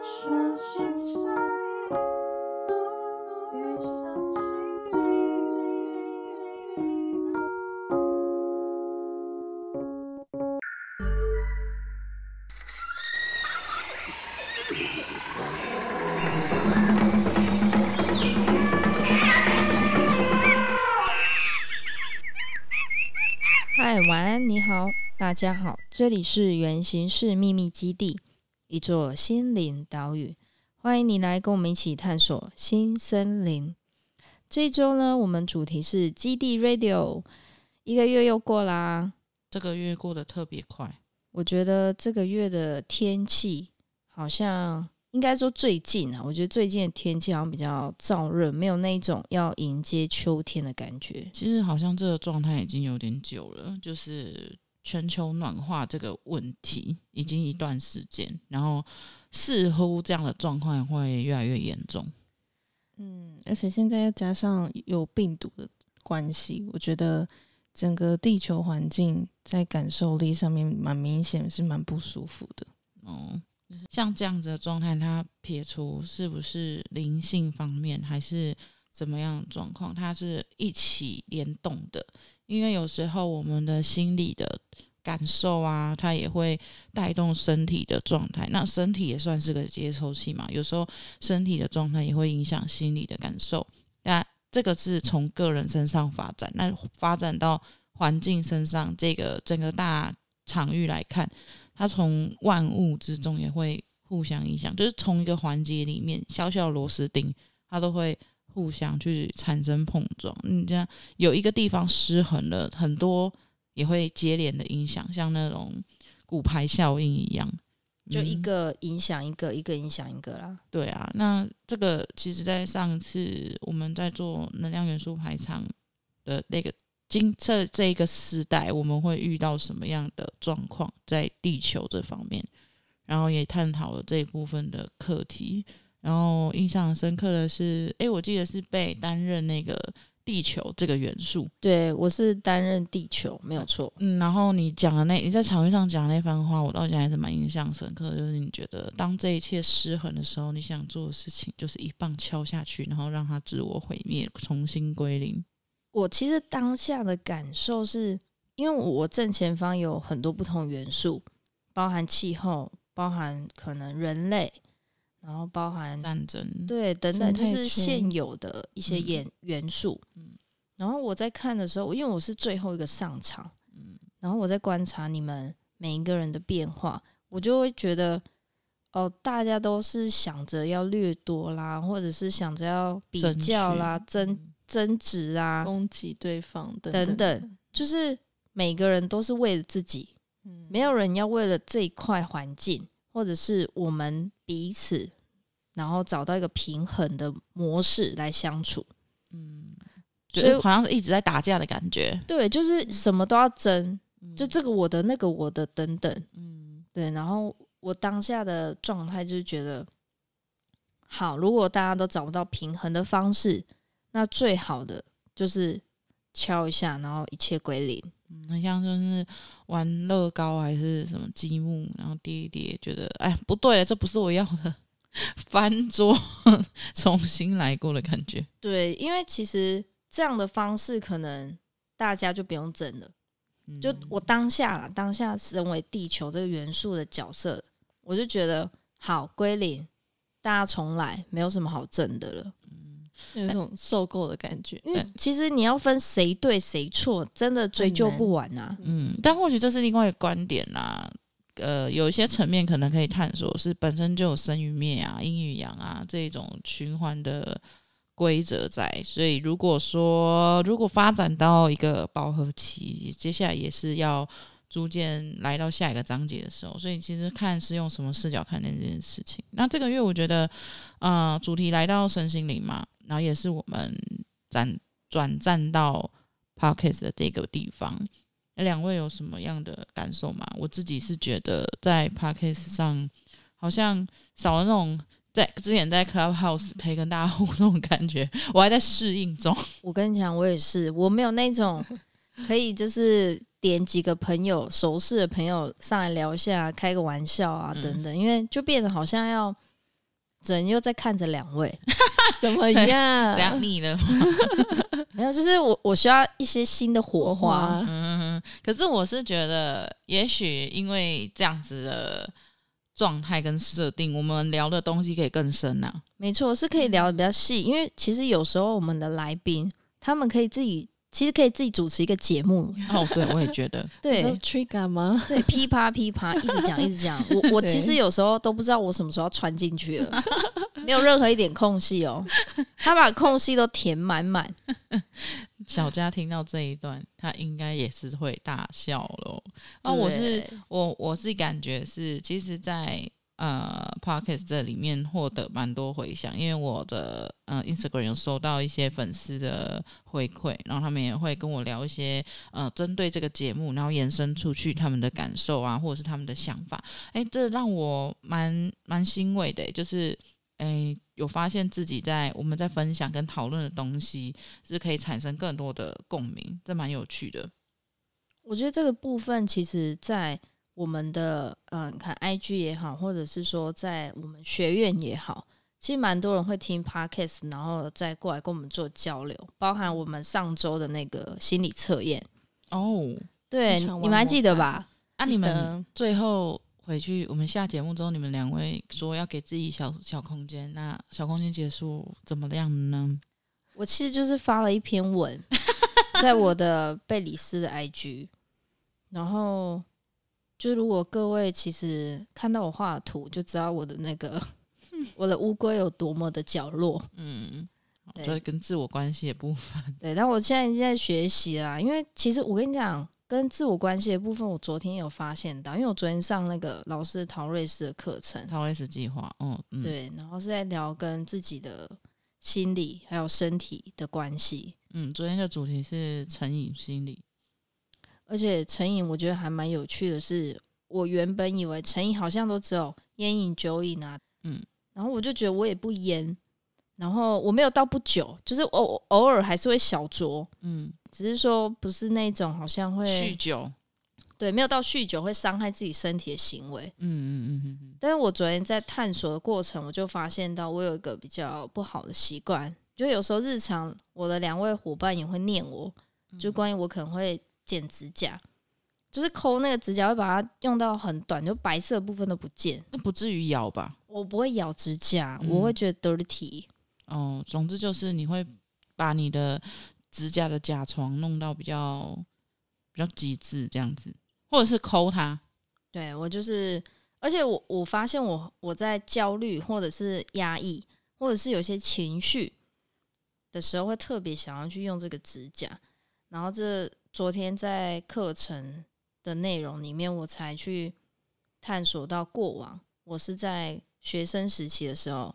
嗨，Hi，晚安，你好，大家好，這裡是源形式秘密基地。一座心靈島嶼，歡迎你來跟我們一起探索新森林。這一周呢，我們主題是基地 radio。一個月又過啦，這個月過得特別快。我覺得這個月的天氣好像，應該說最近啊，我覺得最近的天氣好像比較燥熱，沒有那種要迎接秋天的感覺。其實好像這個狀態已經有點久了，就是。全球暖化這個問題已經一段時間，然後似乎這樣的狀況會越來越嚴重。嗯，而且現在又加上有病毒的關係，我覺得整個地球環境在感受力上面蠻明顯，是蠻不舒服的。哦，像這樣子的狀態，它撇除是不是靈性方面，還是？怎麼樣的狀況，它是一起聯動的。因為有時候我們的心理的感受啊，它也會帶動身體的狀態。那身體也算是個接收器嘛，有時候身體的狀態也會影響心理的感受。那這個是從個人身上發展，那發展到環境身上，這個整個大場域來看，它從萬物之中也會互相影響。就是從一個環節裡面，小小螺絲釘，它都會。互相去產生碰撞，你這樣有一個地方失衡了，很多也會接連的影響，像那種骨牌效應一樣，嗯、就一個影響一個，一個影響一個啦。對啊，那這個其實在上次我們在做能量元素排場的那個今這這一個時代，我們會遇到什麼樣的狀況在地球這方面，然後也探討了這一部分的課題。然後印象深刻的是，哎，我記得是被擔任那個地球這個元素，對，我是擔任地球，沒有錯。嗯，然後你講的那你在場面上講的那番話，我到現在還是蠻印象深刻的。就是你覺得當這一切失衡的時候，你想做的事情就是一棒敲下去，然後讓它自我毀滅，重新歸零。我其實當下的感受是因為我正前方有很多不同元素，包含氣候，包含可能人類。然後包含戰爭對等等，就是現有的一些演、嗯、元素。嗯，然後我在看的時候，因為我是最後一個上場，嗯，然後我在觀察你們每一個人的變化，我就會覺得，哦，大家都是想着要掠奪啦，或者是想着要比較啦、確爭爭執啊、攻擊對方等等，等等就是每個人都是為了自己，沒有人要為了這一塊環境。或者是我們彼此，然後找到一個平衡的模式來相處，嗯，所以好像一直在打架的感覺，對，就是什麼都要爭，就這個我的那個我的等等，嗯，對，然後我當下的狀態就是覺得，好，如果大家都找不到平衡的方式，那最好的就是敲一下，然後一切歸零。很像就是玩樂高還是什麼積木，然後疊一疊覺得哎，不對了，這不是我要的，翻桌 重新來過的感覺。對，因為其實這樣的方式可能大家就不用爭了。嗯，就我當下啦，當下身為地球這個元素的角色，我就覺得好，歸零，大家重來，沒有什麼好爭的了。那種受夠的感覺，因為、嗯嗯、其實你要分誰對誰錯，真的追究不完吶、啊。難嗯，但或許這是另外一個觀點啦、啊。呃，有一些層面可能可以探索，是本身就有生與滅啊、陰與陽啊，這一種循環的規則在。所以如果說，如果發展到一個飽和期，接下來也是要。逐漸來到下一個章節的時候，所以其實看是用什麼視角看待這件事情。那這個月我覺得，啊、呃、主題來到身心靈嘛，然後也是我們轉轉戰到 Podcast 的這個地方。那兩位有什麼樣的感受嗎？我自己是覺得在 Podcast 上好像少了那種在之前在 Clubhouse 可以跟大家互動的感覺，我還在適應中。我跟你講，我也是，我沒有那種 可以就是。點幾個朋友，熟識的朋友上來聊一下，開個玩笑啊，嗯、等等，因為就變得好像要，人又在看着兩位， 麼怎麼樣？聊你呢？沒有，就是我我需要一些新的火花，火花。嗯，可是我是覺得，也許因為這樣子的狀態跟設定，我們聊的東西可以更深啊，沒錯，是可以聊的比較細，嗯、因為其實有時候我們的來賓他們可以自己。其實可以自己主持一個節目哦，對我也覺得，對，吹乾嗎？對，噼啪噼啪一直講一直講，我我其實有時候都不知道我什麼時候要傳進去了，沒有任何一點空隙哦、喔，他把空隙都填滿滿。小佳聽到這一段，他應該也是會大笑了。哦對、啊，我是我我是感覺是，其實，在。呃 Podcast 這裡面獲得蠻多回響，因為我的嗯、呃，Instagram 有收到一些粉絲的回饋，然後他們也會跟我聊一些呃，針對這個節目，然後延伸出去他們的感受啊，或者是他們的想法。哎、欸，這讓我蠻蠻欣慰的、欸，就是哎、欸，有發現自己在我們在分享跟討論的東西是可以產生更多的共鳴，這蠻有趣的。我覺得這個部分其實，在。我們的嗯，看、呃、IG 也好，或者是說在我們學院也好，其實蠻多人會聽 Podcast，然後再過來跟我們做交流。包含我們上周的那個心理測驗。哦，對想你，你們還記得吧？啊，記得啊，你們最後回去我們下節目之後，你們兩位說要給自己小小空間，那小空間結束怎麼樣呢？我其實就是發了一篇文， 在我的貝里斯的 IG，然後。就如果各位其實看到我畫的圖，就知道我的那個、嗯、我的烏龜有多麼的角落。嗯，對，在跟自我關係的部分。對，但我現在已經在學習啦，因為其實我跟你講，跟自我關係的部分，我昨天有發現到，因為我昨天上那個老師陶瑞斯的課程，陶瑞斯計劃，嗯，對，然後是在聊跟自己的心理還有身體的關係。嗯，昨天的主題是成癮心理。而且成癮，我覺得還蠻有趣的是。是我原本以為成癮好像都只有菸癮、酒癮啊，嗯，然後我就覺得我也不菸，然後我沒有到不酒，就是偶偶爾還是會小酌，嗯，只是說不是那種好像會酗酒，對，沒有到酗酒會傷害自己身體的行為，嗯，嗯嗯嗯嗯。但是我昨天在探索的過程，我就發現到我有一個比較不好的習慣，就有時候日常我的兩位伙伴也會念我，就關於我可能會。剪指甲，就是摳那個指甲，會把它用到很短，就白色的部分都不見。那不至於咬吧？我不會咬指甲，嗯、我會覺得 dirty。哦，總之就是你會把你的指甲的甲床弄到比較比較極致這樣子，或者是摳它。對，我就是，而且我我發現我我在焦慮或者是壓抑或者是有些情緒的時候，會特別想要去用這個指甲，然後這。昨天在課程的內容裡面，我才去探索到過往，我是在學生時期的時候，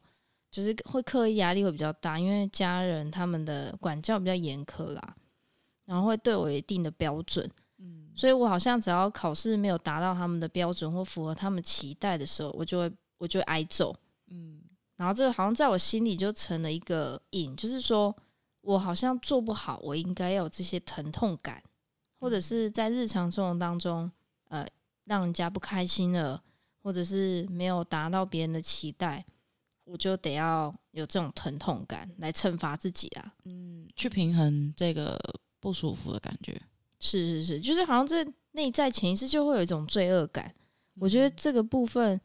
就是會刻意壓力會比較大，因為家人他們的管教比較嚴苛啦，然後會對我一定的標準，嗯，所以我好像只要考試沒有達到他們的標準或符合他們期待的時候，我就會我就會挨揍，嗯，然後這個好像在我心裡就成了一個癮，就是說。我好像做不好，我應該要有這些疼痛感，或者是在日常生活當中，呃，讓人家不開心了，或者是沒有達到別人的期待，我就得要有這種疼痛感來懲罰自己啊。嗯，去平衡這個不舒服的感覺。是是是，就是好像這內在潛意識就會有一種罪惡感。我覺得這個部分。嗯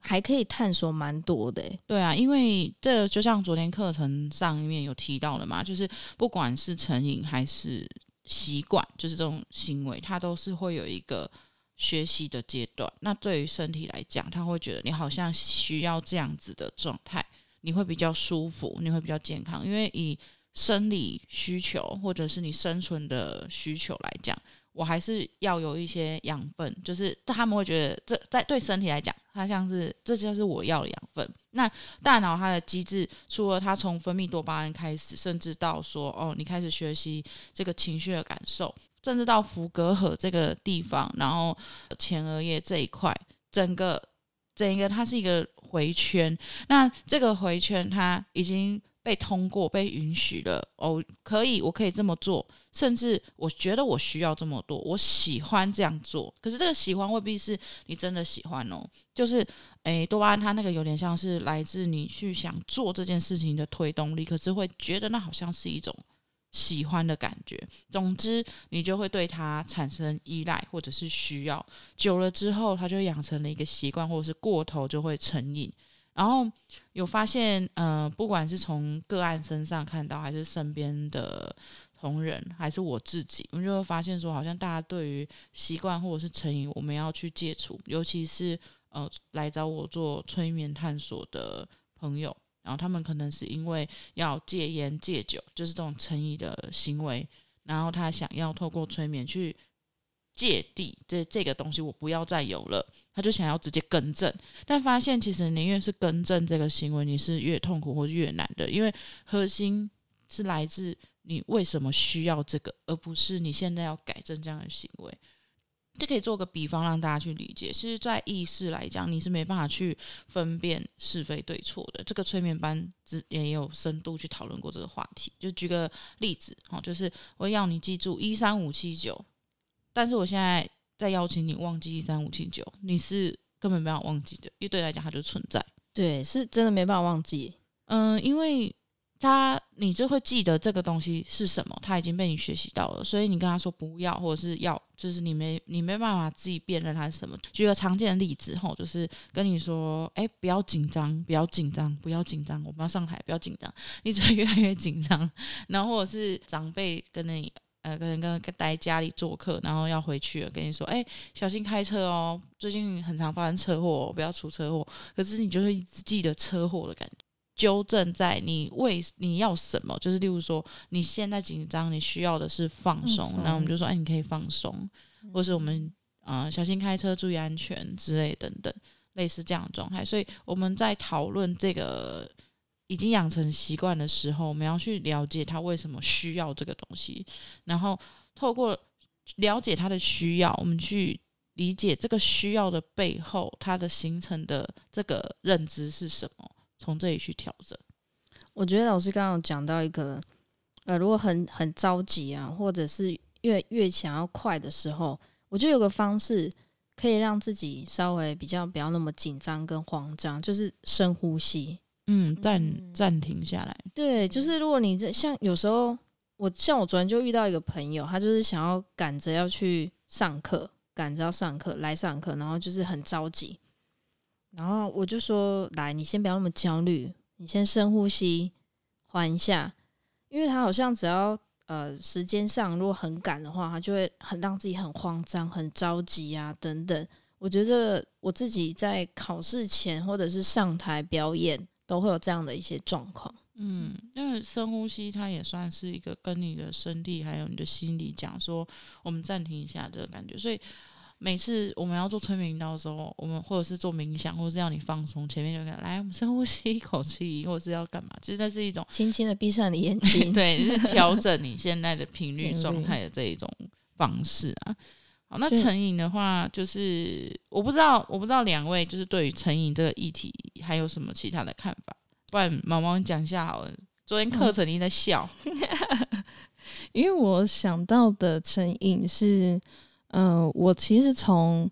還可以探索蠻多的。欸，對啊，因為，這就像昨天課程上面有提到了嘛，就是不管是成癮還是習慣，就是這種行為，它都是會有一個學習的階段。那對於身體來講，它會覺得你好像需要這樣子的狀態，你會比較舒服，你會比較健康，因為以生理需求或者是你生存的需求來講。我還是要有一些養分，就是他們會覺得這在對身體來講，它像是這就是我要的養分。那大腦它的機制，除了它從分泌多巴胺開始，甚至到說哦，你開始學習這個情緒的感受，甚至到伏隔核這個地方，然後前額葉這一塊，整個整個它是一個回圈。那這個回圈它已經。被通過、被允許了哦，可以，我可以這麼做。甚至我覺得我需要這麼多，我喜歡這樣做。可是這個喜歡未必是你真的喜歡哦，就是誒、欸，多巴胺它那個有點像是來自你去想做這件事情的推動力，可是會覺得那好像是一種喜歡的感覺。總之，你就會對它產生依賴，或者是需要。久了之後，它就養成了一個習慣，或者是過頭就會成癮。然後有發現，呃，不管是從個案身上看到，還是身邊的同仁，還是我自己，我們就會發現說，好像大家對於習慣或者是成癮，我們要去戒除，尤其是呃來找我做催眠探索的朋友，然後他們可能是因為要戒菸戒酒，就是這種成癮的行為，然後他想要透過催眠去。芥蒂，這這個東西我不要再有了，他就想要直接更正，但發現其實你越是更正這個行為，你是越痛苦或越難的，因為核心是來自你為什麼需要這個，而不是你現在要改正這樣的行為。這可以做個比方讓大家去理解。其實，在意識來講，你是沒辦法去分辨是非對錯的。這個催眠班之也有深度去討論過這個話題，就舉個例子哦，就是我要你記住一三五七九。但是我現在在邀請你忘記一三五七九，你是根本沒有辦法忘記的，因為對來講，它就存在。對，是真的沒辦法忘記。嗯，因為他，你就會記得這個東西是什麼，它已經被你學習到了。所以你跟他說不要，或者是要，就是你沒你沒辦法自己辨認它是什麼。舉個常見的例子，吼，就是跟你說，誒、欸，不要緊張，不要緊張，不要緊張，我們要上台，不要緊張，你只會越來越緊張。然後或者是長輩跟你。可那個人跟跟來家裡做客，然後要回去了。跟你說，哎、欸，小心開車哦！最近很常發生車禍、哦，不要出車禍。可是你就會記得車禍的感覺，糾正在你為你要什麼。就是例如說，你現在緊張，你需要的是放鬆。嗯、是然後我們就說，哎、欸，你可以放鬆，或是我們呃小心開車，注意安全之類等等，類似這樣的狀態。所以我們在討論這個。已經養成習慣的時候，我們要去了解他為什麼需要這個東西，然後透過了解他的需要，我們去理解這個需要的背後，它的形成的這個認知是什麼，從這裡去調整。我覺得老師剛剛有講到一個，呃，如果很很着急啊，或者是越越想要快的時候，我覺得有個方式可以讓自己稍微比較不要那麼緊張跟慌張，就是深呼吸。嗯，暫暫停下來，嗯。對，就是如果你像有時候，我像我昨天就遇到一個朋友，他就是想要趕着要去上課，趕着要上課來上課，然後就是很着急。然後我就說：“來，你先不要那麼焦慮，你先深呼吸，緩一下。”因為他好像只要呃時間上如果很趕的話，他就會很讓自己很慌張、很着急啊等等。我覺得我自己在考試前或者是上台表演。都會有這樣的一些狀況，嗯，因為深呼吸，它也算是一個跟你的身體還有你的心理講說，我們暫停一下這個感覺。所以每次我們要做催眠的時候，我們或者是做冥想，或是要你放鬆，前面就會來，我們深呼吸一口氣，或是要幹嘛？其實它是一種輕輕的閉上你眼睛， 對，就是調整你現在的頻率狀態的這一種方式啊。好，那成癮的話，就是就我不知道，我不知道兩位就是對於成癮這個議題還有什麼其他的看法，不然毛毛講一下好了。昨天課程你在笑，嗯、 因為我想到的成癮是，嗯、呃，我其實從。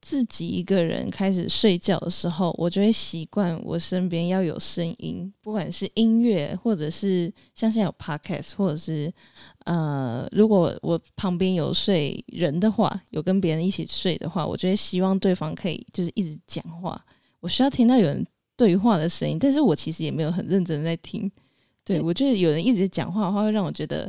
自己一個人開始睡覺的時候，我就會習慣我身邊要有聲音，不管是音樂，或者是像是有 Podcast，或者是呃，如果我旁邊有睡人的話，有跟別人一起睡的話，我就會希望對方可以就是一直講話，我需要聽到有人對話的聲音，但是我其實也沒有很認真在聽。對，我覺得有人一直在講話的話，會讓我覺得，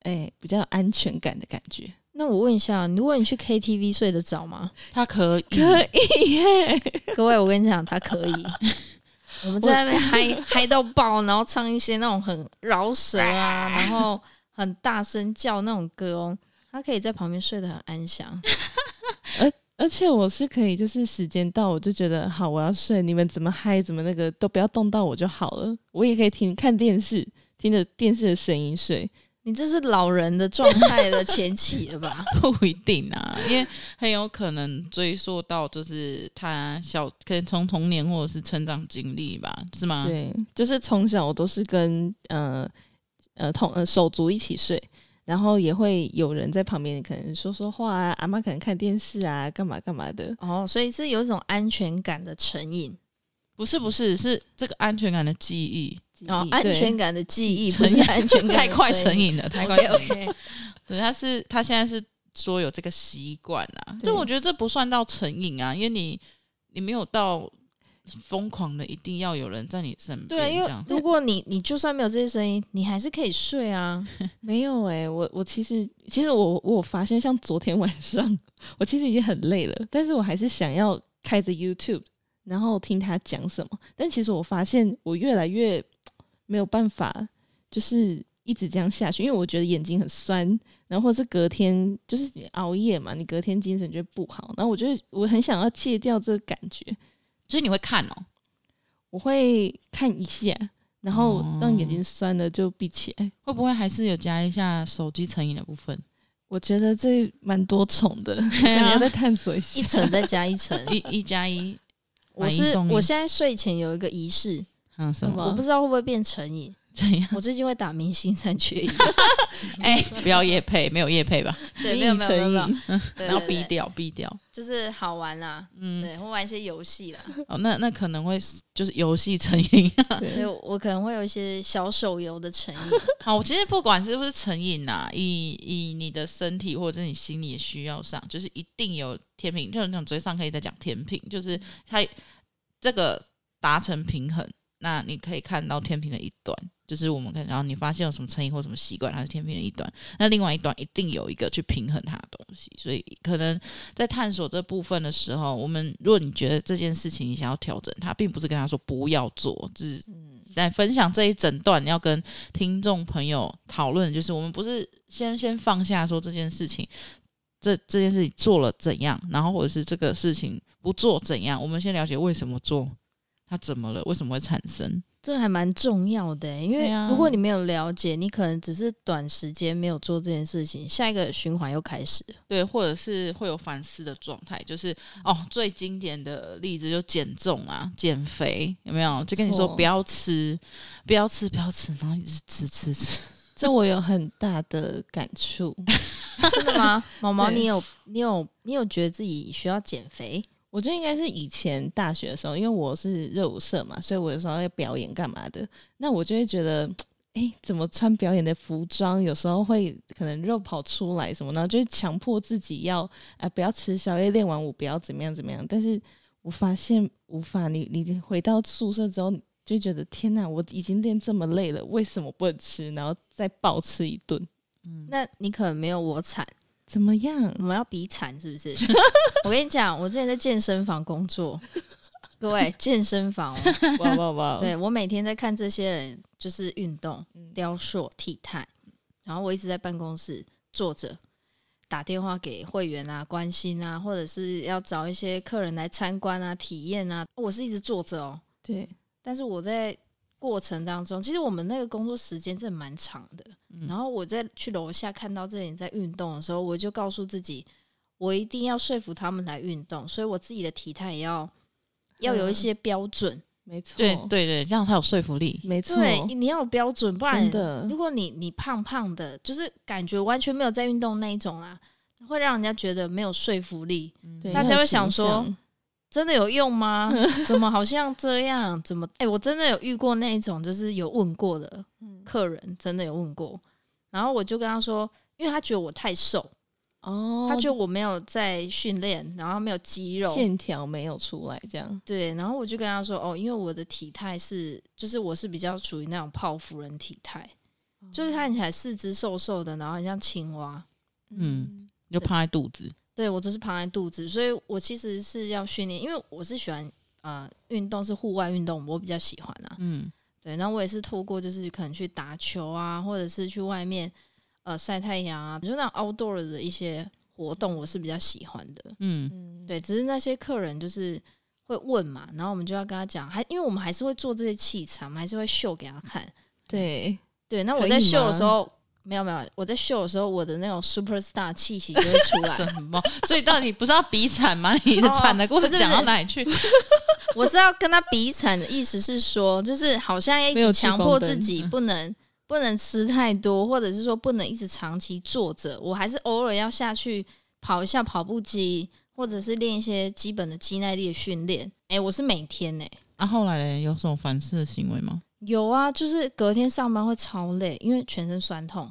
哎、欸，比較有安全感的感覺。那我問一下，如果你去 KTV 睡得着嗎？他可以，嗯、可以耶！各位，我跟你講，他可以。 我們在那邊嗨我嗨到爆，然後唱一些那種很饒舌啊，啊然後很大聲叫那種歌哦，他可以在旁邊睡得很安詳。而而且我是可以，就是時間到，我就覺得好，我要睡。你們怎麼嗨，怎麼那個都不要動到我就好了。我也可以聽看電視，聽着電視的聲音睡。你這是老人的狀態的前期了吧？ 不一定啊，因為很有可能追溯到，就是他小，可能從童年或者是成長經歷吧。是嗎？對，就是從小我都是跟呃呃同呃手足一起睡，然後也會有人在旁邊，可能說說話啊，阿媽可能看電視啊，幹嘛幹嘛的。哦，所以是有一種安全感的成癮？不是，不是，是這個安全感的記憶。哦，安全感的記憶，成癮對太快，成癮了， 太快成癮了。Okay, okay。對，他是他現在是說有這個習慣啦，但對我覺得這不算到成癮啊，因為你你沒有到瘋狂的一定要有人在你身邊。對，因為如果你你就算沒有這些聲音，你還是可以睡啊。沒有誒、欸，我我其實其實我我有發現，像昨天晚上，我其實已經很累了，但是我還是想要開着 YouTube，然後聽他講什麼。但其實我發現我越來越。沒有辦法，就是一直這樣下去，因為我覺得眼睛很酸，然後或是隔天就是你熬夜嘛，你隔天精神就不好。然後我覺得我很想要戒掉這個感覺，所以你會看哦、喔，我會看一下，然後讓眼睛酸了就閉起來、嗯。會不會還是有加一下手機成癮的部分？我覺得這蠻多重的，啊、可能要再探索一下，一層再加一層， 一一加一。我是我現在睡前有一個儀式。嗯，什麼、嗯？我不知道會不會變成癮？怎樣？我最近會打明星三缺一。哎，不要業配，沒有業配吧？ 對，沒有沒有沒有。沒有成癮 然後逼掉 逼掉掉，就是好玩啦。嗯，對，會玩一些遊戲啦。哦，那那可能會就是遊戲成癮、啊。對，對我可能會有一些小手遊的成癮。好，我其實不管是不是成癮吶、啊，以以你的身體或者你心理的需要上，就是一定有天平，就是那種嘴上可以再講天平，就是它這個達成平衡。那你可以看到天平的一端，嗯、就是我們看，然後你發現有什麼成癮或什麼習慣，它是天平的一端。那另外一端一定有一個去平衡它的東西。所以可能在探索這部分的時候，我們若你覺得這件事情你想要調整它，它並不是跟他說不要做，只、就是在、嗯、分享這一整段你要跟聽眾朋友討論，就是我們不是先先放下說這件事情，這這件事情做了怎樣，然後或者是這個事情不做怎樣，我們先了解為什麼做。它怎麼了？為什麼會產生？這還蠻重要的、欸，因為如果你沒有了解，啊、你可能只是短時間沒有做這件事情，下一個循環又開始。對，或者是會有反思的狀態，就是哦，最經典的例子就減重啊、減肥，有沒有？就跟你說錯不要吃，不要吃，不要吃，然後一直吃吃吃。吃吃 這我有很大的感觸， 真的嗎？毛毛你有對你，你有你有你有覺得自己需要減肥？我覺得應該是以前大學的時候，因為我是熱舞社嘛，所以我有時候要表演幹嘛的，那我就會覺得，哎、欸，怎麼穿表演的服裝，有時候會可能肉跑出來什麼的，然後就是強迫自己要，哎、呃，不要吃宵夜，練完舞不要怎麼樣怎麼樣。但是我發現無法，你你回到宿舍之後就覺得，天哪、啊，我已經練這麼累了，為什麼不能吃，然後再暴吃一頓。嗯，那你可能沒有我慘。怎麼樣？我們要比慘是不是？ 我跟你講，我之前在健身房工作，各位健身房哇哇哇！Wow, wow, wow 對，我每天在看這些人就是運動、雕塑、體態，然後我一直在辦公室坐着打電話給會員啊、關心啊，或者是要找一些客人來參觀啊、體驗啊，我是一直坐着哦、喔。對，但是我在。過程當中，其實我們那個工作時間真的蠻長的。嗯、然後我在去樓下看到這裡在運動的時候，我就告訴自己，我一定要說服他們來運動。所以我自己的體態也要要有一些標準，嗯、沒錯。對對對，這樣才有說服力。沒錯，你你要有標準，不然如果你你胖胖的，就是感覺完全沒有在運動那一種啊，會讓人家覺得沒有說服力。嗯、大家會想說。嗯真的有用嗎？ 怎麼好像這樣？怎麼？哎、欸，我真的有遇過那一種，就是有問過的客人，嗯、真的有問過。然後我就跟他說，因為他覺得我太瘦哦，他覺得我沒有在訓練，然後沒有肌肉線條沒有出來這樣。對，然後我就跟他說，哦，因為我的體態是，就是我是比較屬於那種泡芙人體態，嗯、就是看起來四肢瘦瘦的，然後很像青蛙，嗯，就趴對在肚子。對，我就是胖在肚子，所以我其實是要訓練，因為我是喜歡啊呃運動，是戶外運動，我比較喜歡啊。嗯，對，那我也是透過就是可能去打球啊，或者是去外面呃曬太陽啊，就那種 outdoor 的一些活動，我是比較喜歡的。嗯，對，只是那些客人就是會問嘛，然後我們就要跟他講，還因為我們還是會做這些器材，我們還是會秀給他看。對，對，對，那我在秀的時候。沒有沒有，我在秀的時候，我的那種 superstar 氣息就會出來。 什麼？所以到底不是要比慘嗎？你的慘的故事講到哪裡去？ 不是不是，我是要跟他比慘的意思是說，就是好像要一直強迫自己不能不能吃太多，或者是說不能一直長期坐着。我還是偶爾要下去跑一下跑步機，或者是練一些基本的肌耐力的訓練。哎、欸，我是每天哎、欸。那、啊、後來有什麼反思的行為嗎？有啊，就是隔天上班會超累，因為全身痠痛。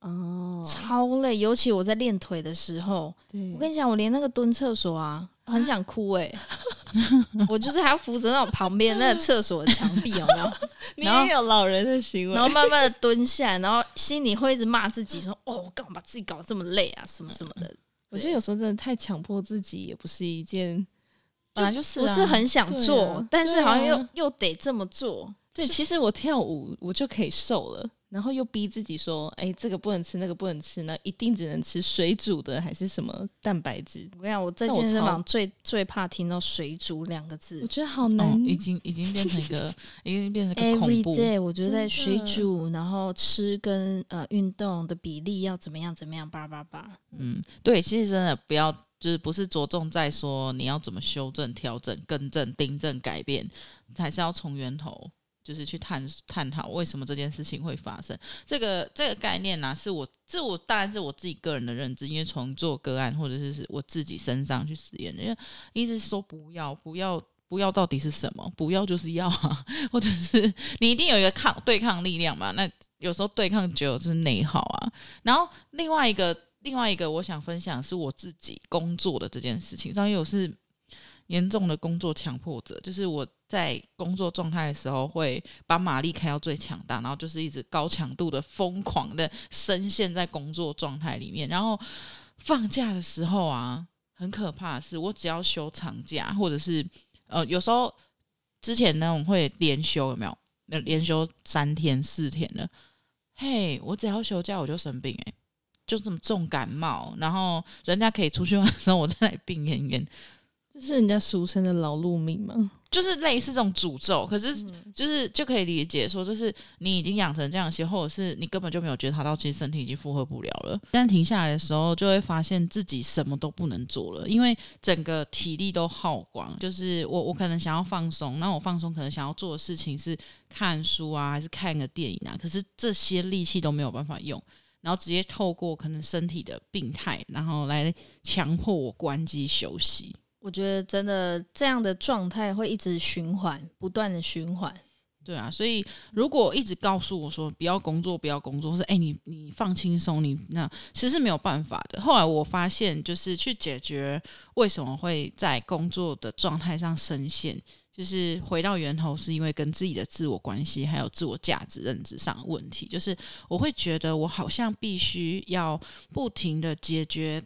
哦，oh, 超累，尤其我在練腿的時候，對我跟你講，我連那個蹲廁所啊，啊很想哭哎、欸， 我就是還要扶着那種旁邊那個廁所的牆壁，有沒有？ 你也有老人的行為，然後,然後慢慢的蹲下，然後心裡會一直罵自己說：“哦，我幹嘛把自己搞這麼累啊？什麼什麼的。”我覺得有時候真的太強迫自己也不是一件，本來就是不是很想做，啊啊、但是好像又、啊、又得這麼做。所以其實我跳舞我就可以瘦了，然後又逼自己說，哎、欸，這個不能吃，那個不能吃，那一定只能吃水煮的還是什麼蛋白質？我跟你講，我在健身房最最怕聽到“水煮”兩個字，我覺得好難，哦、已經已經變成一個 已經變成一個恐怖。Every day，我覺得在水煮，然後吃跟呃運動的比例要怎麼樣怎麼樣吧吧吧，叭叭叭。嗯，對，其實真的不要，就是不是着重在說你要怎麼修正、調整、更正、訂正、改變，還是要從源頭。就是去探探討為什麼這件事情會發生，這個這個概念呢，啊，是我這我當然是我自己個人的認知，因為從做個案或者是是我自己身上去實驗，因為一直說不要不要不要，不要到底是什麼？不要就是要啊，或者是你一定有一個抗對抗力量嘛？那有時候對抗只有就是內耗啊。然後另外一個另外一個我想分享是我自己工作的這件事情上，因為我是嚴重的工作強迫者，就是我。在工作狀態的時候，會把馬力開到最強大，然後就是一直高強度的瘋狂的深陷在工作狀態裡面。然後放假的時候啊，很可怕的是我只要休長假，或者是呃，有時候之前呢我們會連休，有沒有？連休三天四天的，嘿，我只要休假我就生病、欸，誒，就這麼重感冒。然後人家可以出去玩的時候我再來，我在病懨懨，這是人家俗稱的勞碌命嗎？就是類似這種詛咒，可是就是就可以理解說，就是你已經養成這樣些，或者是你根本就沒有覺察到，其實身體已經負荷不了了。但停下來的時候，就會發現自己什麼都不能做了，因為整個體力都耗光。就是我，我可能想要放鬆，那我放鬆可能想要做的事情是看書啊，還是看個電影啊，可是這些力氣都沒有辦法用，然後直接透過可能身體的病態，然後來強迫我關機休息。我覺得真的這樣的狀態會一直循環，不斷的循環。對啊，所以如果一直告訴我說不要工作，不要工作，或是哎，你你放輕鬆，你那其實是沒有辦法的。後來我發現，就是去解決為什麼會在工作的狀態上深陷，就是回到源頭是因為跟自己的自我關係還有自我價值認知上的問題。就是我會覺得我好像必須要不停的解決。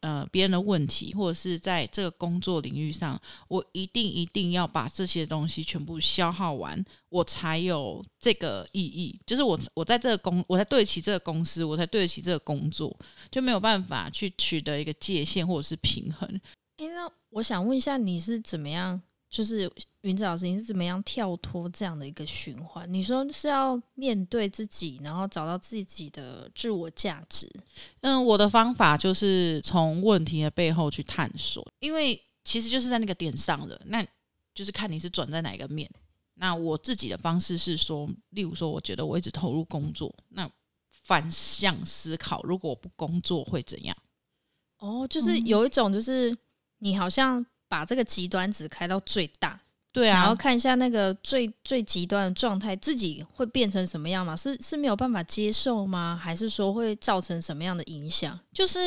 呃，別人的問題，或者是在這個工作領域上，我一定一定要把這些東西全部消耗完，我才有這個意義。就是我，我在這個公，我才對得起這個公司，我才對得起這個工作，就沒有辦法去取得一個界限或者是平衡。誒、欸，那我想問一下，你是怎麼樣？就是芸子老師，你是怎麼樣跳脫這樣的一個循環？你說是要面對自己，然後找到自己的自我價值。嗯，我的方法就是從問題的背後去探索，因為其實就是在那個點上的，那就是看你是轉在哪一個面。那我自己的方式是說，例如說，我覺得我一直投入工作，那反向思考，如果我不工作會怎樣？哦，就是有一種，就是你好像。把這個極端值開到最大，對啊，然後看一下那個最最極端的狀態，自己會變成什麼樣嘛？是是，沒有辦法接受嗎？還是說會造成什麼樣的影響？就是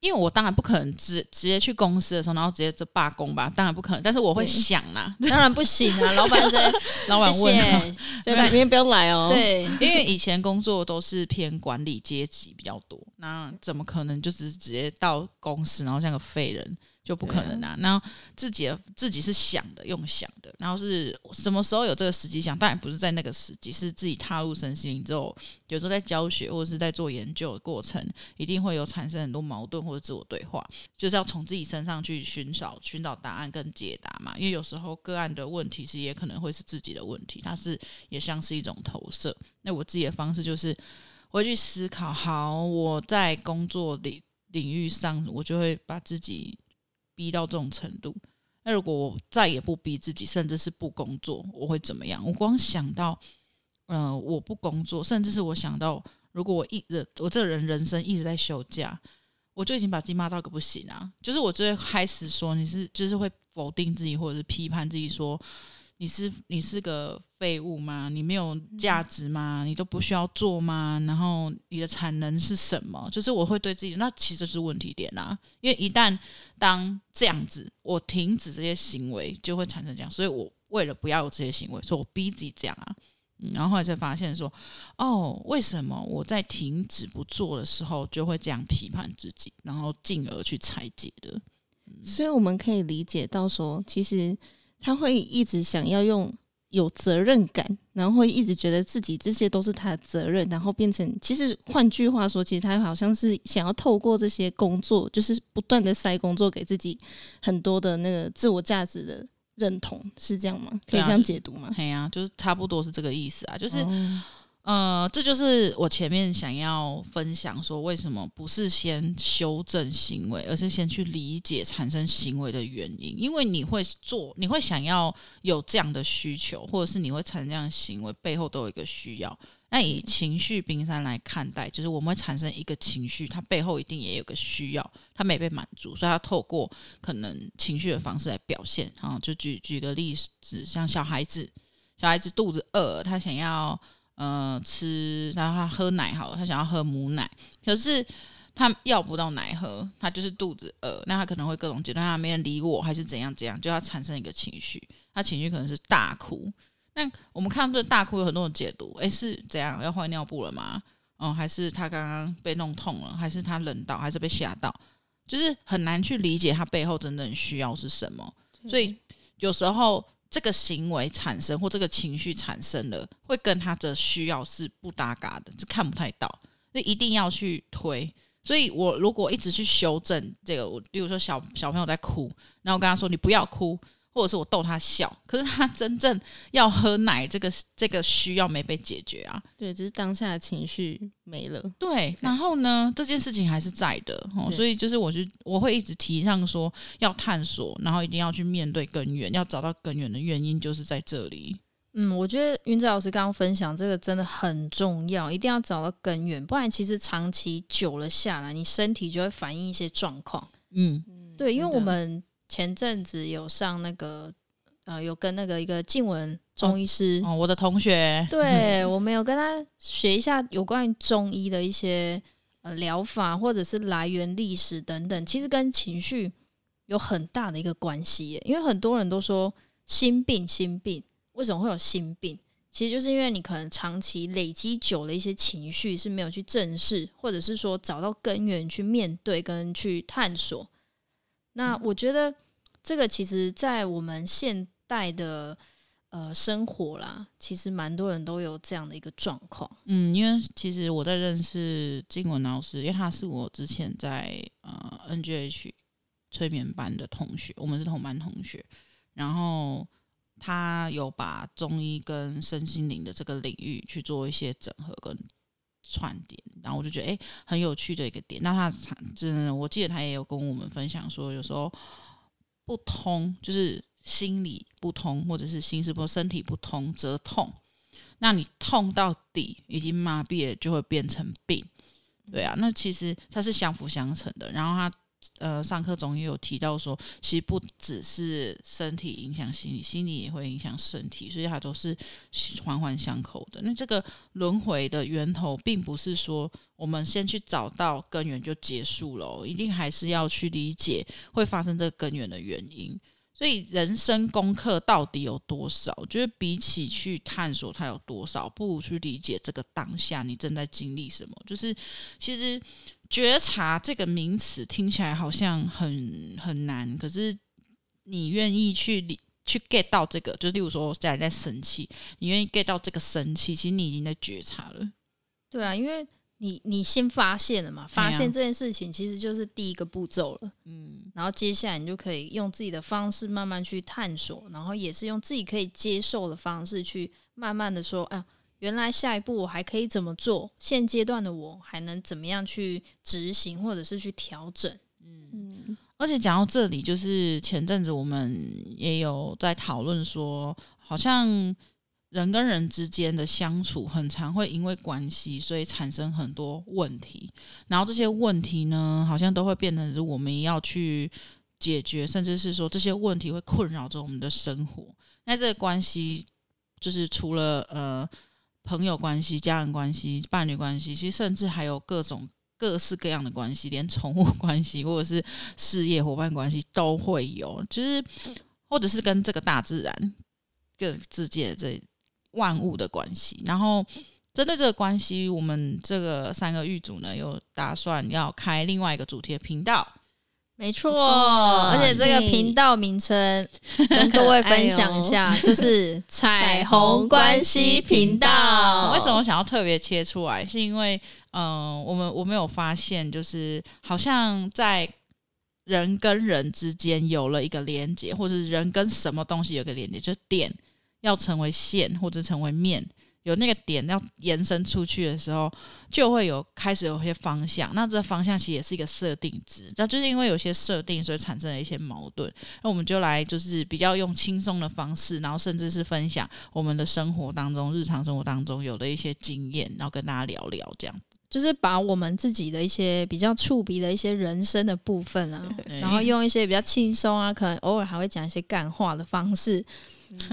因為我當然不可能直直接，去公司的時候，然後直接就罷工吧，當然不可能。但是我會想啦，啊。嗯、對當然不行啊， 老板這 老板問，啊，老板謝明天不要來哦。對， 因為以前工作都是偏管理階級比較多，那怎麼可能就是直接到公司，然後像個廢人？就不可能啦、啊，那 Yeah. 自己自己是想的，用想的。然後是什麼時候有這個時機想？當然不是在那個時機，是自己踏入身心之後，有時候在教學或者是在做研究的過程，一定會有產生很多矛盾或者是自我對話。就是要從自己身上去尋找尋找答案跟解答嘛。因為有時候個案的問題是也可能會是自己的問題，它是也像是一種投射。那我自己的方式就是，我會去思考：好，我在工作領領域上，我就會把自己。逼到這種程度，那如果我再也不逼自己，甚至是不工作，我會怎麼樣？我光想到，嗯、呃，我不工作，甚至是我想到，如果我一人，我這個人人生一直在休假，我就已經把自己罵到個不行啊！就是我最開始說你是，就是會否定自己，或者是批判自己說。你是你是個廢物嗎？你沒有價值嗎？你都不需要做嗎？然後你的產能是什麼？就是我會對自己，那其實是問題點啦。因為一旦當這樣子，我停止這些行為，就會產生這樣。所以我為了不要有這些行為，所以我逼自己這樣啊、嗯。然後後來才發現說，哦，為什麼我在停止不做的時候，就會這樣批判自己，然後進而去拆解的。嗯、所以我們可以理解到說，其實。他會一直想要用有責任感，然後會一直覺得自己這些都是他的責任，然後變成其實換句話說，其實他好像是想要透過這些工作，就是不斷的塞工作給自己很多的那個自我價值的認同，是這樣嗎？可以這樣解讀嗎？可以啊，就是、啊、差不多是這個意思啊，就是。哦呃，這就是我前面想要分享說，為什麼不是先修正行為，而是先去理解產生行為的原因？因為你會做，你會想要有這樣的需求，或者是你會產生這樣的行為，背後都有一個需要。那以情緒冰山來看待，就是我們會產生一個情緒，它背後一定也有個需要，它沒被滿足，所以它透過可能情緒的方式來表現啊。就舉舉個例子，像小孩子，小孩子肚子餓，他想要。呃，吃，然後他喝奶好了，他想要喝母奶，可是他要不到奶喝，他就是肚子餓，那他可能會各種階段，他沒人理我，還是怎樣怎樣，就要產生一個情緒，他情緒可能是大哭。那我們看到這個大哭有很多種解讀，誒，是怎樣要換尿布了嗎？哦、嗯，還是他剛剛被弄痛了，還是他冷到，還是被嚇到，就是很難去理解他背後真正的需要是什麼，對所以有時候。這個行為產生，或這個情緒產生的，會跟他的需要是不搭嘎的，是看不太到，就一定要去推。所以我如果一直去修正這個，我比如說小小朋友在哭，然後我跟他說：“你不要哭。”或者是我逗他笑，可是他真正要喝奶這個這個需要沒被解決啊。對，只、就是當下的情緒沒了。對，Okay. 然後呢，這件事情還是在的，對所以就是我就我會一直提倡說要探索，然後一定要去面對根源，要找到根源的原因，就是在這裡。嗯，我覺得芸子老師剛剛分享這個真的很重要，一定要找到根源，不然其實長期久了下來，你身體就會反映一些狀況。嗯，對，因為我們、嗯。我們前陣子有上那個，呃，有跟那個一個靜文中醫師、哦哦，我的同學，對，我們有跟他學一下有關於中醫的一些呃療法，或者是來源歷史等等，其實跟情緒有很大的一個關係耶。因為很多人都說心病心病，為什麼會有心病？其實就是因為你可能長期累積久了，一些情緒是沒有去正視，或者是說找到根源去面對跟去探索。那我覺得這個其實在我們現代的呃生活啦，其實蠻多人都有這樣的一個狀況。嗯，因為其實我在認識經文老師，因為他是我之前在呃 NGH 催眠班的同學，我們是同班同學。然後他有把中醫跟身心靈的這個領域去做一些整合跟。串點，然後我就覺得誒、欸，很有趣的一個點。那他真的，我記得他也有跟我們分享說，有時候不通，就是心理不通，或者是心事不通，身體不通則痛。那你痛到底，已經麻痹了，就會變成病。對啊，那其實它是相輔相成的。然後他。呃，上課中也有提到說，其實不只是身體影響心理，心理也會影響身體，所以它都是環環相扣的。那這個輪迴的源頭，並不是說我們先去找到根源就結束了哦，一定還是要去理解會發生這個根源的原因。所以人生功課到底有多少？就是比起去探索它有多少，不如去理解這個當下你正在經歷什麼。就是其實。覺察這個名詞聽起來好像很很難，可是你願意去理去 get 到這個，就例如說，我現在在生氣，你願意 get 到這個生氣，其實你已經在覺察了。對啊，因為你你先發現了嘛，發現這件事情其實就是第一個步驟了。嗯、啊，然後接下來你就可以用自己的方式慢慢去探索，然後也是用自己可以接受的方式去慢慢的說，哎、啊。原來下一步我還可以怎麼做？現階段的我還能怎麼樣去執行，或者是去調整？嗯，而且講到這裡，就是前陣子我們也有在討論說，好像人跟人之間的相處，很常會因為關係，所以產生很多問題。然後這些問題呢，好像都會變成是我們要去解決，甚至是說這些問題會困擾着我們的生活。那這個關係，就是除了呃。朋友關係、家人關係、伴侶關係，其實甚至還有各種各式各樣的關係，連寵物關係或者是事業夥伴關係都會有。其實，或者是跟這個大自然、跟世界的這萬物的關係。然後，針對這個關係，我們這個三個御主呢，有打算要開另外一個主題的頻道。沒錯，而且這個頻道名稱跟各位分享一下， 唉呦 就是彩虹關係頻道。為什麼我想要特別切出來？是因為，嗯、呃，我們我沒有發現，就是好像在人跟人之間有了一個連接，或者人跟什麼東西有個連接，就是、點要成為線，或者成為面。有那個點要延伸出去的時候，就會有開始有些方向。那這方向其實也是一個設定值，那就是因為有些設定，所以產生了一些矛盾。那我們就來就是比較用輕鬆的方式，然後甚至是分享我們的生活當中、日常生活當中有的一些經驗，然後跟大家聊聊這樣子，就是把我們自己的一些比較觸鼻的一些人生的部分啊，對然後用一些比較輕鬆啊，可能偶爾還會講一些乾話的方式。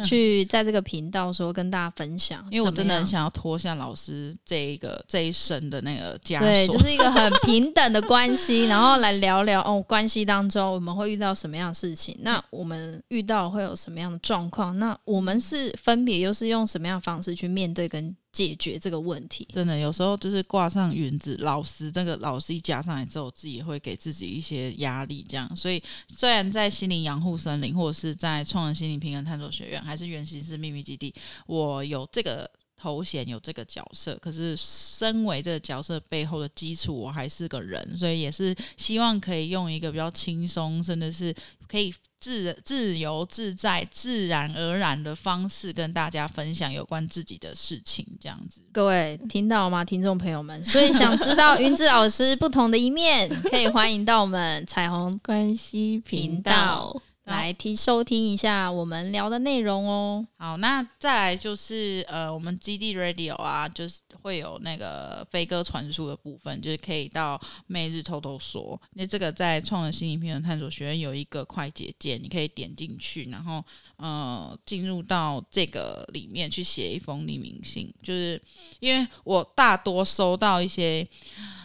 去在這個頻道說跟大家分享，因為我真的很想要脫下老師這一個這一身的那個枷鎖。對，就是一個很平等的關係， 然後來聊聊哦，關係當中我們會遇到什麼樣的事情？那我們遇到會有什麼樣的狀況？那我們是分別又是用什麼樣的方式去面對跟解決這個問題，真的有時候就是掛上云子、老師，這、那個老師一加上來之後，自己也會給自己一些壓力，這樣。所以雖然在心靈養護森林，或者是在創能心靈平衡探索學苑，還是源形式秘密基地，我有這個。頭銜有這個角色，可是身為這個角色背後的基礎，我還是個人，所以也是希望可以用一個比較輕鬆，真的是可以自自由自在、自然而然的方式，跟大家分享有關自己的事情。這樣子，各位聽到嗎？聽眾朋友們，所以想知道芸子老師不同的一面， 可以歡迎到我們彩虹關係頻道。嗯、來聽收聽一下我們聊的內容哦。好，那再來就是呃，我們基地 Radio 啊，就是會有那個飛鴿傳輸的部分，就是可以到每日偷偷說。那這個在創能心靈平衡探索學苑有一個快捷鍵，你可以點進去，然後。呃，進入到這個裡面去寫一封匿名信，就是因為我大多收到一些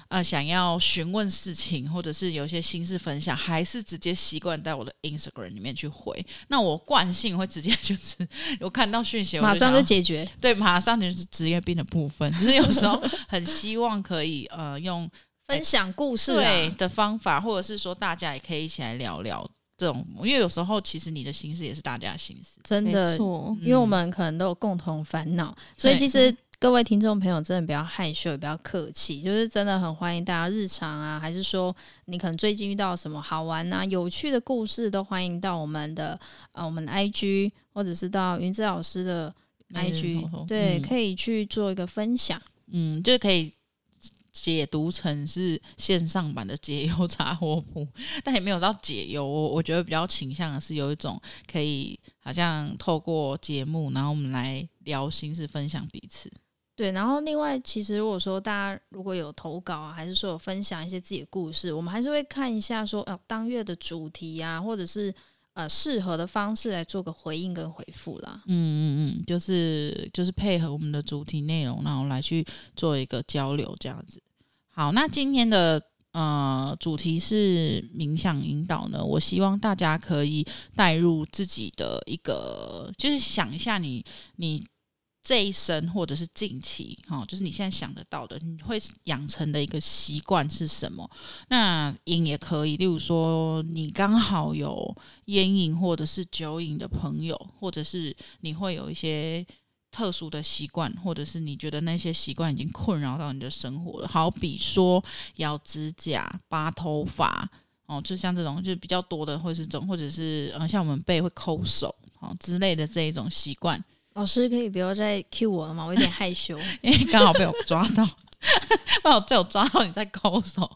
呃想要詢問事情，或者是有一些心事分享，還是直接習慣在我的 Instagram 裡面去回。那我慣性會直接就是我看到訊息我馬上就解決。對，馬上就是職業病的部分， 就是有時候很希望可以呃用、哎、分享故事、啊、對的方法，或者是說大家也可以一起來聊聊。這種，因為有時候其實你的心思也是大家的心思。真的沒錯，因為我們可能都有共同煩惱，嗯、所以其實各位聽眾朋友真的不要害羞，也不要客氣，就是真的很歡迎大家日常啊，還是說你可能最近遇到什麼好玩啊、嗯、有趣的故事，都歡迎到我們的啊、呃，我們的 IG，或者是到芸子老師的 IG，、嗯、對，嗯、可以去做一個分享，嗯，就是可以。解讀成是線上版的解憂雜貨鋪，但也沒有到解憂。我覺得比較傾向的是有一種可以，好像透過節目，然後我們來聊心事，分享彼此。對，然後另外，其實如果說大家如果有投稿，啊，還是說有分享一些自己的故事，我們還是會看一下說，呃、啊，當月的主題啊，或者是呃適合的方式來做個回應跟回復啦。嗯嗯嗯，就是就是配合我們的主題內容，然後來去做一個交流，這樣子。好，那今天的呃主題是冥想引導呢，我希望大家可以帶入自己的一個，就是想一下你你這一生或者是近期，哈、哦，就是你現在想得到的，你會養成的一個習慣是什麼？那癮也可以，例如說你剛好有菸癮或者是酒癮的朋友，或者是你會有一些。特殊的習慣，或者是你覺得那些習慣已經困擾到你的生活了，好比說咬指甲、拔頭髮，哦，就像這種，就是比較多的，或者是這種，或者是，嗯，像我們背會摳手，哦之類的這一種習慣。老師可以不要再 cue 我了嗎？我有點害羞。 因為剛好被我抓到，剛好被我抓到你在摳手，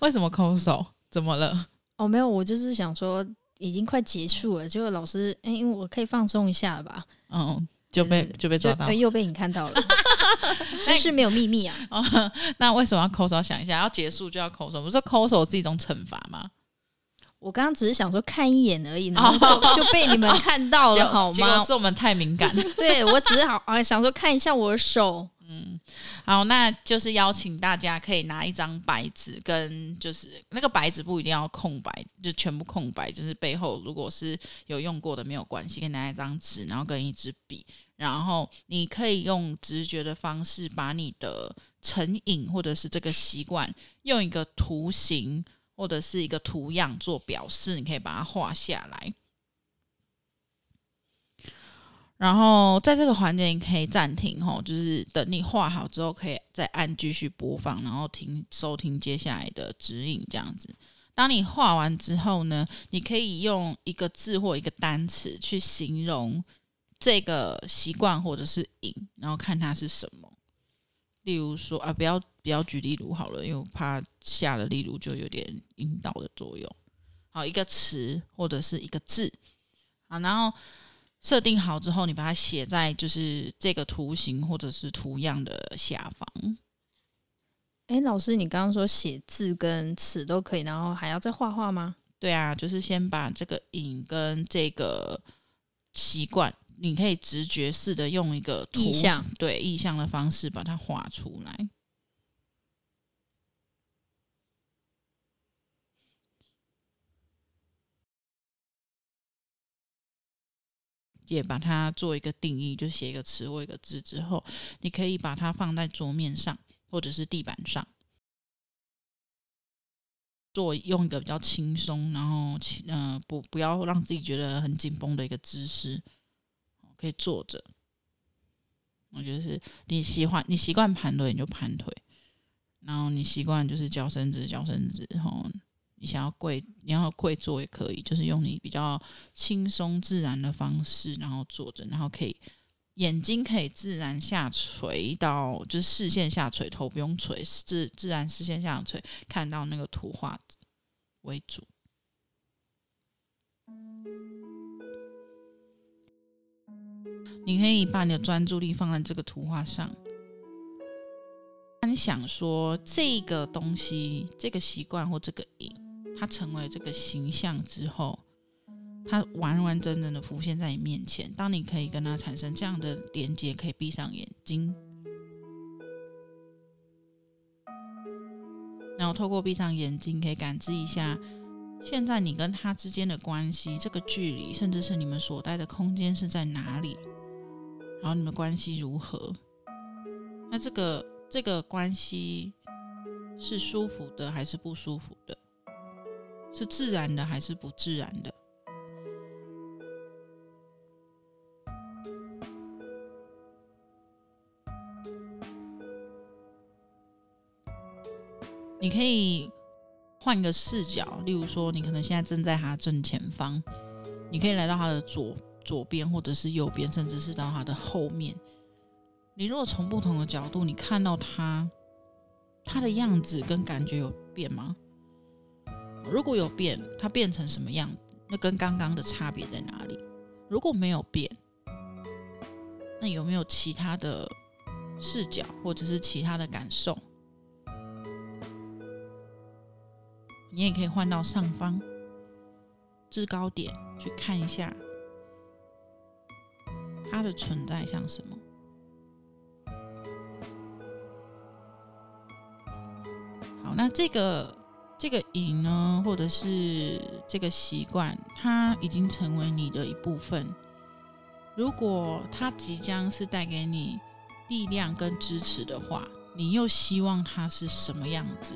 為什麼摳手？怎麼了？哦，沒有，我就是想說，已經快結束了，結果老師，欸，因為我可以放鬆一下吧，嗯、哦。就被就被抓到對對對，呃，又被你看到了，就 是沒有秘密啊！那，哦，那為什麼要摳手？想一下，要結束就要摳手，不是摳手是一種懲罰嗎？我剛剛只是想說看一眼而已，然後就就被你們看到了，好嗎？是我們太敏感了 對，我只是好啊，想說看一下我的手。嗯，好，那就是邀請大家可以拿一張白紙，跟就是那個白紙不一定要空白，就全部空白，就是背後如果是有用過的沒有關係，可以拿一張紙，然後跟一支筆，然後你可以用直覺的方式，把你的成癮或者是這個習慣，用一個圖形或者是一個圖樣做表示，你可以把它畫下來。然後在這個環節，你可以暫停吼，就是等你畫好之後，可以再按繼續播放，然後停收聽接下來的指引這樣子。當你畫完之後呢，你可以用一個字或一個單詞去形容。這個習慣或者是癮，然後看它是什麼。例如說啊，不要不要舉例如好了，因為我怕下了例如就有點引導的作用。好，一個詞或者是一個字。好，然後設定好之後，你把它寫在就是這個圖形或者是圖樣的下方。哎，老師，你剛剛說寫字跟詞都可以，然後還要再畫畫嗎？對啊，就是先把這個癮跟這個習慣。你可以直覺式的用一個圖像，意象，對，意象的方式把它畫出來，也把它做一個定義，就寫一個詞或一個字之後，你可以把它放在桌面上或者是地板上做，做用一個比較輕鬆，然後嗯、呃，不不要讓自己覺得很緊繃的一個姿勢。可以坐着，我覺得是你喜歡你習慣盤腿你就盤腿，然後你習慣就是腳伸直腳伸直，然後你想要跪你要跪坐也可以，就是用你比較輕鬆自然的方式，然後坐着，然後可以眼睛可以自然下垂到就是視線下垂，頭不用垂，自自然視線下垂，看到那個圖畫為主。你可以把你的專注力放在這個圖畫上，那你想說這個東西、這個習慣或這個癮，它成為這個形象之後，它完完整整的浮現在你面前。當你可以跟它產生這樣的連接，可以閉上眼睛，然後透過閉上眼睛，可以感知一下現在你跟它之間的關係、這個距離，甚至是你們所待的空間是在哪裡。然後你們關係如何？那這個這個關係是舒服的還是不舒服的？是自然的還是不自然的？你可以換個視角，例如說你可能現在正在他正前方，你可以來到他的左。左邊，或者是右邊，甚至是到它的後面。你如果從不同的角度，你看到它，它的樣子跟感覺有變嗎？如果有變，它變成什麼樣？那跟剛剛的差別在哪裡？如果沒有變，那有沒有其他的視角，或者是其他的感受？你也可以換到上方，制高點去看一下。它的存在像什麼？好，那這個這個癮呢，或者是這個習慣，它已經成為你的一部分。如果它即將是帶給你力量跟支持的話，你又希望它是什麼樣子？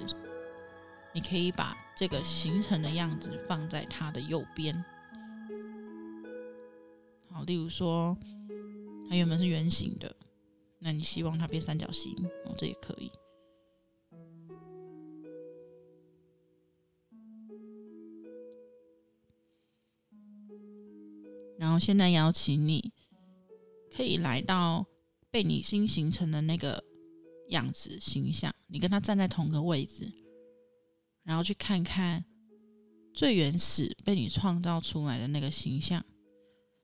你可以把這個形成的樣子放在它的右邊。好，例如說。它原本是圓形的，那你希望它變三角形，哦，這也可以。然後現在邀請你，可以來到被你新形成的那個樣子形象，你跟他站在同個位置，然後去看看最原始被你創造出來的那個形象，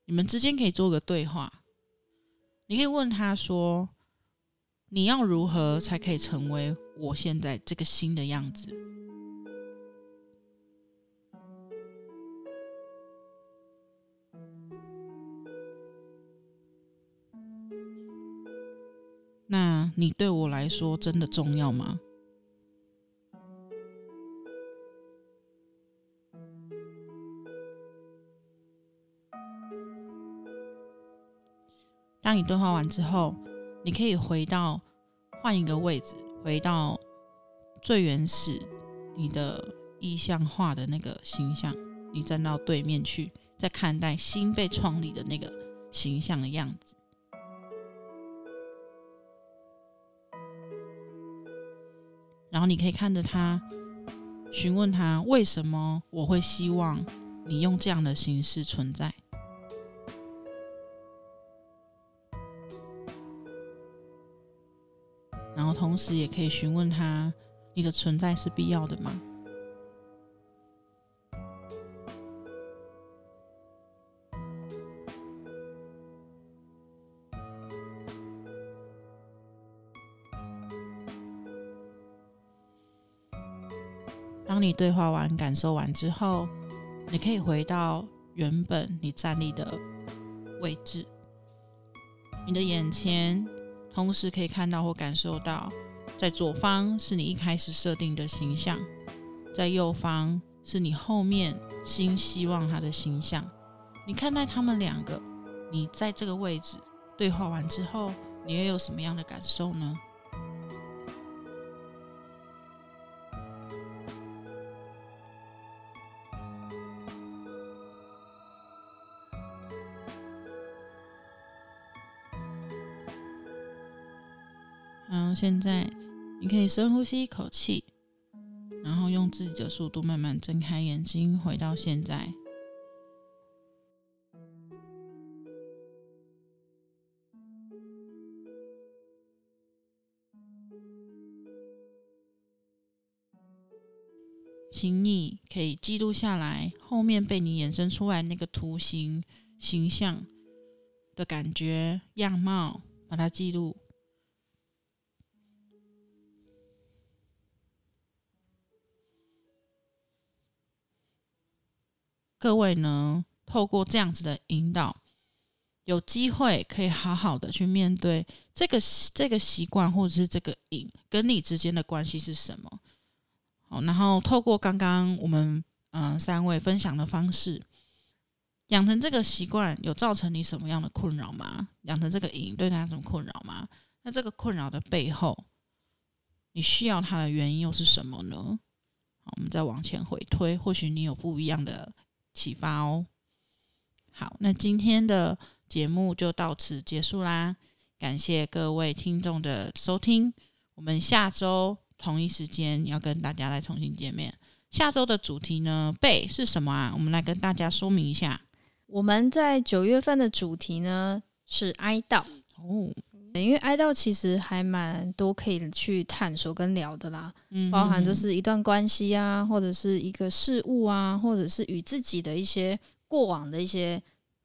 你們之間可以做個對話。你可以問他說：“你要如何才可以成為我現在這個新的樣子？那你對我來說真的重要嗎？”當你對話完之後，你可以回到換一個位置，回到最原始你的意象化的那個形象，你站到對面去，再看待新被創立的那個形象的樣子，然後你可以看着他，詢問他為什麼我會希望你用這樣的形式存在。同時也可以詢問他：“你的存在是必要的嗎？”當你對話完、感受完之後，你可以回到原本你站立的位置。你的眼前。同時可以看到或感受到，在左方是你一開始設定的形象，在右方是你後面新希望他的形象。你看待他們兩個，你在這個位置對話完之後，你又有什麼樣的感受呢？然後現在，你可以深呼吸一口氣，然後用自己的速度慢慢睜開眼睛，回到現在。請你可以記錄下來，後面被你衍生出來那個圖形形象的感覺、樣貌，把它記錄。各位呢，透過這樣子的引導，有機會可以好好的去面對這個這個習慣或者是這個癮跟你之間的關係是什麼？好，然後透過剛剛我們嗯、呃、三位分享的方式，養成這個習慣有造成你什麼樣的困擾嗎？養成這個癮對他有什麼困擾嗎？那這個困擾的背後，你需要它的原因又是什麼呢？好，我們再往前回推，或許你有不一樣的。啟發哦，好，那今天的節目就到此結束啦，感謝各位聽眾的收聽，我們下周同一時間要跟大家來重新見面。下周的主題呢，Bei 是什麼啊？我們來跟大家說明一下，我們在九月份的主題呢是哀悼哦。因為哀悼其實還蠻多可以去探索跟聊的啦，嗯、哼哼，包含就是一段關係啊，或者是一個事物啊，或者是與自己的一些過往的一些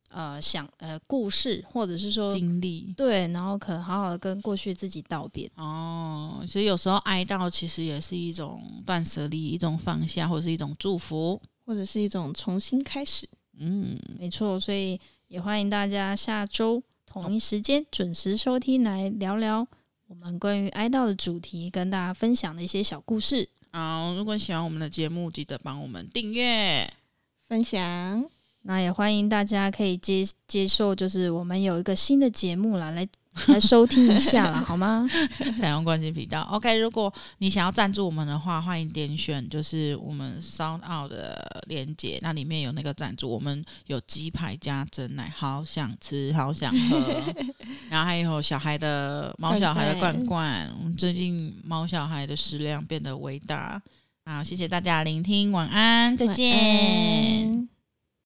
呃想呃故事，或者是說經歷，對，然後可能好好的跟過去自己道別哦，所以有時候哀悼其實也是一種斷捨離，一種放下，或者是一種祝福，或者是一種重新開始，嗯，沒錯，所以也歡迎大家下周。同一時間準時收聽，來聊聊我們關於哀悼的主題，跟大家分享的一些小故事。好、哦，如果喜歡我們的節目，記得幫我們訂閱、分享。那也歡迎大家可以接接受，就是我們有一個新的節目啦。來。來收聽一下了，好嗎？採用關心頻道，OK。如果你想要贊助我們的話，歡迎點選就是我們 SoundOn 的鏈接，那裡面有那個贊助。我們有雞排加珍奶，好想吃，好想喝。 然後還有小孩的貓，小孩的罐罐。Okay 最近貓小孩的食量變得偉大。好，謝謝大家聆聽，晚安，再見。